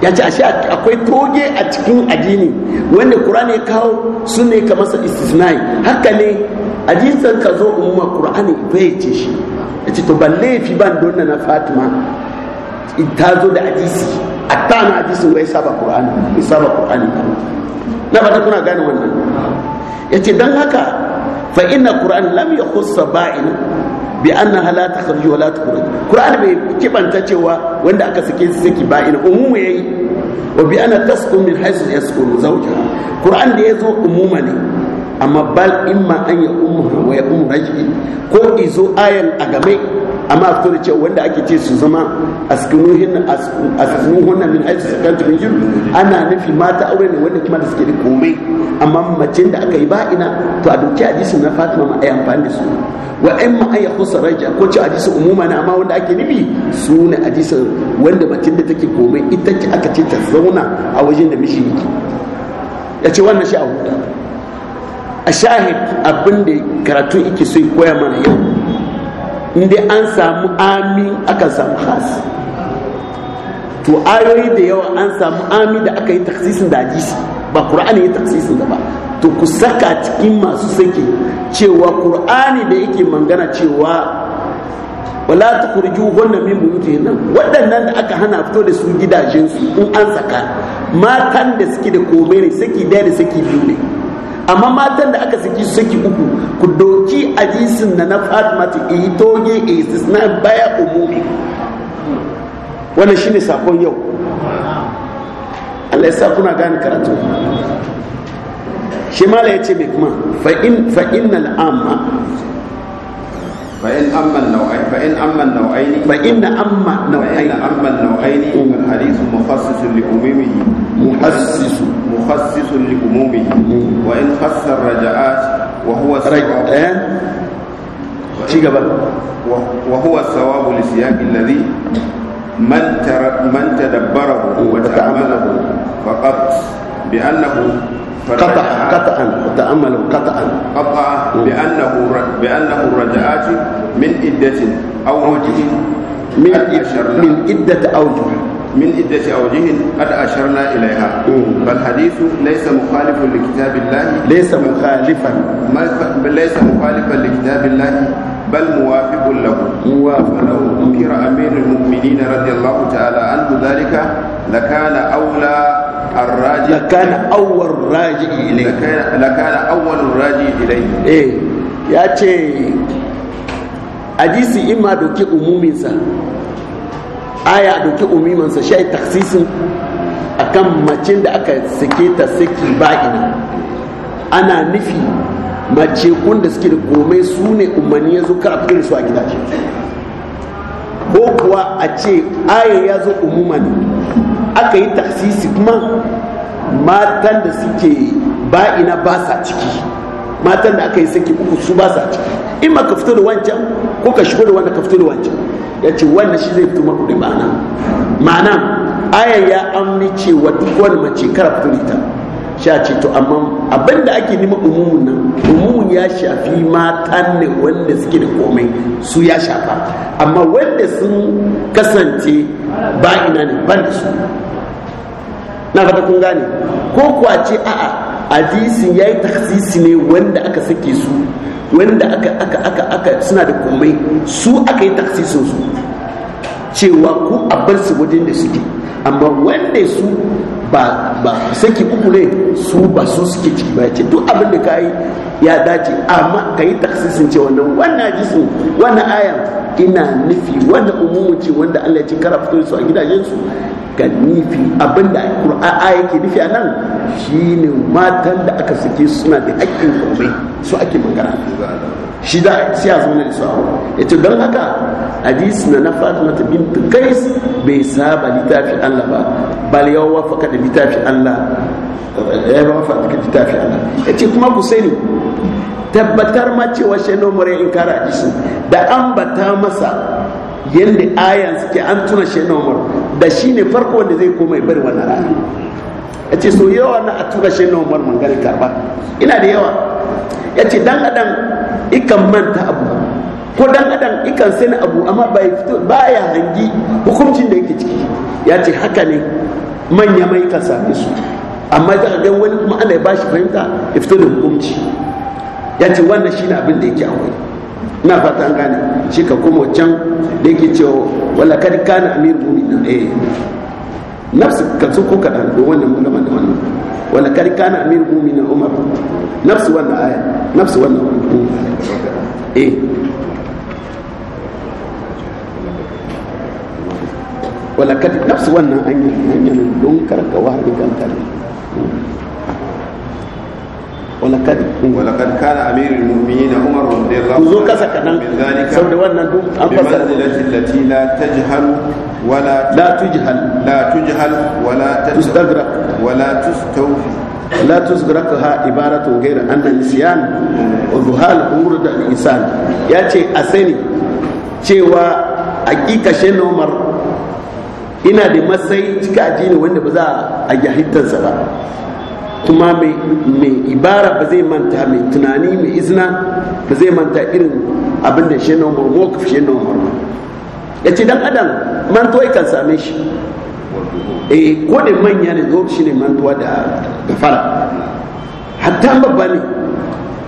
[SPEAKER 1] ya ce ashe akwai toge a cikin addini wanda qur'ani ya kawo su ne ka masa istisnai haka ne hadisan ka zo umma qur'ani bai ce shi ya ce to ba fi ban donna na fatima ta zo da hadisi hatta na hadisin wai saba qur'ani saba qur'ani na ba ta kuna gane wannan ya ce don haka fa inna qur'an lam yakhuss ba'in bi annaha la takhruju wa la tukhraj bai kibanta cewa wanda aka sake shi saki ba'in umumu yayi wa bi anna tasqu min haythu yasqu zawjaha qur'an da yazo umuma ne amma bal imma an ya umma wa ya umma rajuli ko izo ayan a game amma a fito da cewa wanda ake ce su zama nan min su sakantu min jiru ana nufi mata aure ne wanda kuma da suke da komai amma mace da aka yi ba ina to a dauki hadisi na fatima ma yi amfani da su wa ai ma ai khusa raja ko ce hadisi umuma na amma wanda ake nufi su ne hadisi wanda mace da take komai ita ce aka ce ta zauna a wajen da miji yake ya ce wannan shi a huta a shahid abin da karatu yake so koya mana yau inda an samu ami aka samu khas to ayoyi da yawa an samu ami da aka yi taksisin da hadisi ba qur'ani ya taksisin da ba to ku saka cikin masu saki cewa kur'ani da yake mangana cewa wala tukurju wannan min buyuti nan waɗannan da aka hana fito da su gidajen su in an saka matan da suke da komai ne saki daya da saki biyu ne amma matan da aka saki su saki uku ku hadisin na na fatimatu yi toge eh, istisna baya umumi wannan shine sakon yau Allah ya sa kuna gane karatu shi mala ya ce mai kuma fa'in al'amma فإن أما النوعين
[SPEAKER 2] فإن أما النوعين فإن أما النوعين فإن أما النوعين فالحديث مخصص لأمومه مخصص مخصص لأمومه وإن خص الرجعات ci wa huwa sawabu li siyaqi alladhi man tadabbarahu wa ta'amalahu bi annahu قطع قطعا وتأمله قطعا قطع بأنه بأنه الرجعات من عدة أو وجه من من إدة أوجه قد أشرنا إليها فالحديث ليس مخالفا لكتاب الله ليس مخالفا ليس مخالفا لكتاب الله بل موافق له موافق له أمير أمير المؤمنين رضي الله تعالى عنه ذلك لكان أولى الراجع لكان أول راجع إليه لكان, لكان أول الراجع إليه
[SPEAKER 1] إيه يا شيء hadisi in ma doki umuminsa aya a doki umimansa shi a taksisin a kan macin da aka sake ta saki ba'ina ana nufi mace kun da suke da komai su ne umarni ya zo kar su a gidaje ko kuwa a ce aya ya zo umuman aka yi taksisi kuma matan da suke ba'ina ba sa ciki matan da aka yi saki uku su ba sa ciki in ma ka fito da wancan ko ka shigo da wanda ka fito da wancan ya ce wannan shi zai fito maku da ma'ana ma'ana ayan ya amni cewa duk wani mace kara fito ta sha ce to amma abinda ake nema umumun nan umumun ya shafi matan ne wanda suke da komai su ya shafa amma wanda sun kasance ba ina ne ban da su na fata kun gane ko kuwa ce a'a hadisin ya yi ne wanda aka sake su wanda aka aka aka aka suna da komai su aka yi taksisin su cewa ku a bar su wajen da suke amma wanda su ba ba saki uku ne su ba su suke ciki ba ce duk abin da ka ya dace amma ka yi taksisin cewa wannan wannan hadisin wannan ayan ina nufi wanda umumu ce wanda Allah ce kara fito su a gidajensu ga nufi abinda Qur'a yake nufi a nan shine matan da aka suke suna da haƙƙin komai su ake magana shi da sai a ne da su a ce don haka hadis na na fatimata ta bintu kais bai saba littafi Allah ba bal ya wafaka da littafi Allah ya wafaka da littafi Allah ce kuma ku sani tabbatar ma cewa shi nomore in kara hadisi da an bata masa yadda ayan suke an tuna shi nomore da shi ne farko wanda zai koma ya bari wannan rana ya ce so yawa na a tura shi nomore mangari karba ina da yawa ya ce dan adam ikan manta abu ko dan adam ikan sani abu amma bai fito baya hangi hukuncin da yake ciki ya ce haka ne manya mai kan same su amma za ga wani kuma ana ba shi fahimta ya fito da hukunci ya ce wannan shine abin da yake akwai ina fata an gane shi ka kuma can da yake cewa wala kad kana amir mu'minin eh nafsu kan ko ka da wannan mun da wannan wala kad kana amir mu'minin umar nafsu wannan aya nafsu wannan eh wala kad nafsu wannan hanyar hanyar don karka wahar da gantar wala kad
[SPEAKER 2] wala kad kana amirul mu'minin umar radiyallahu anhu zo kasa kadan saboda
[SPEAKER 1] wannan duk an
[SPEAKER 2] fasara bi lati allati la tajhal wala la tujhal la tujhal wala
[SPEAKER 1] tustagrak wala tustawfi لا تزغرقها عبارة غير أن da وذهال أمر الإنسان a sani cewa a ƙiƙashin umar ina da matsayi cika aji ne wanda ba za a yahitarsa ba kuma mai ibara ba zai manta mai tunani mai izina ba zai manta irin abin da shi na umaru ko shi na umaru ya ce dan adam mantuwa kan same shi eh ko da manya ne zo shi ne mantuwa da fara hatta babba ne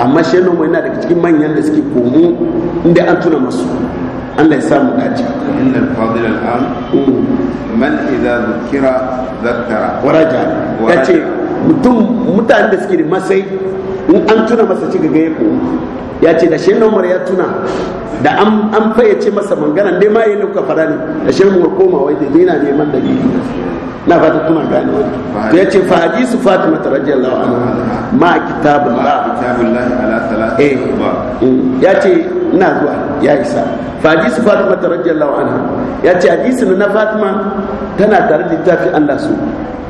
[SPEAKER 1] amma shi na umaru yana daga cikin manyan da suke komo inda an tuna masu Allah ya samu dace innal fadil al'am mm. man idza zukira zakkara waraja yace mutum mutanen da suke da masai in an tuna masa ci gaga ya ya ce da shi umar ya tuna da an an fayyace masa mangana dai ma yayin kuka fara ne da shi umar koma wai dai yana neman dalili na fata tuna gani
[SPEAKER 3] wani ya ce fa
[SPEAKER 1] hadisu fatima ta radiyallahu anha ma kitabullah kitabullah ala salatu eh. mm. ya ce ina zuwa ya isa fadisu fatima ta radiyallahu lawana ya ce hadisi na fatima tana tare da littafi Allah su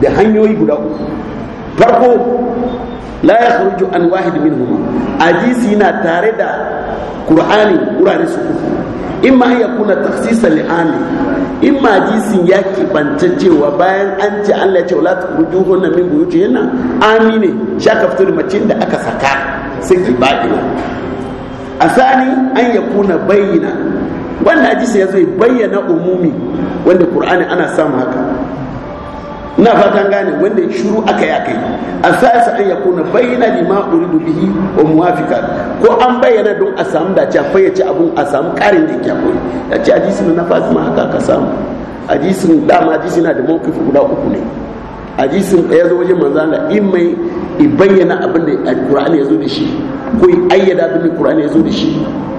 [SPEAKER 1] da hanyoyi guda uku farko la ya kharuju an wahid huma hadisi yana tare da qur'ani qur'ani su uku ma ya kuna tafsisan li'ani ma hadisin ya kibanta cewa bayan an ce Allah ya ce la tukhruju hunna min buyutihinna amine shaka fitar mace da aka saka sai ki ba'ina asani an yakuna kuna bayyana wanda hadisi ya zai bayyana umumi wanda qur'ani ana samu haka na fatan gane wanda shuru aka yi aka a sa'asa an yakuna bayyana lima uridu bihi wa muwafika ko an bayyana don a samu dace a fayyace abun a samu karin da yake akwai da ce hadisi na ma haka ka samu hadisin dama hadisi na da mawkifi guda uku ne hadisin ya zo wajen manzo Allah in mai i bayyana abin da Qur'ani ya zo da shi ko i ayyada abin da Qur'ani ya zo da shi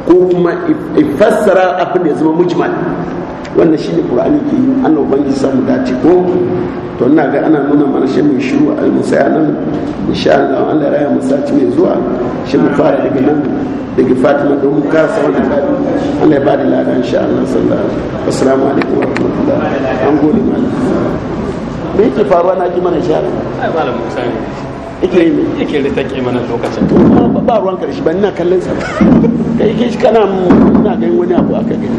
[SPEAKER 1] ko kuma ifassara abin da ya zama mujmal wannan shi ne ƙura'ani ke yi an na ubangiji samu dace ko to ina ga ana nuna mana shi mai shiru a musaya nan insha Allah Allah raya masaci mai zuwa shi mu fara daga nan daga Fatima don mu kasa wannan dadi Allah ya bada lada insha Allah sallallahu alaihi assalamu alaikum wa rahmatullahi an gode malam me yake faruwa na ji mana shi ai malam Musa ne yake ritake mana lokacin ba ruwan karshe ba ina kallon sa kai kishi kana ina ganin wani abu aka gani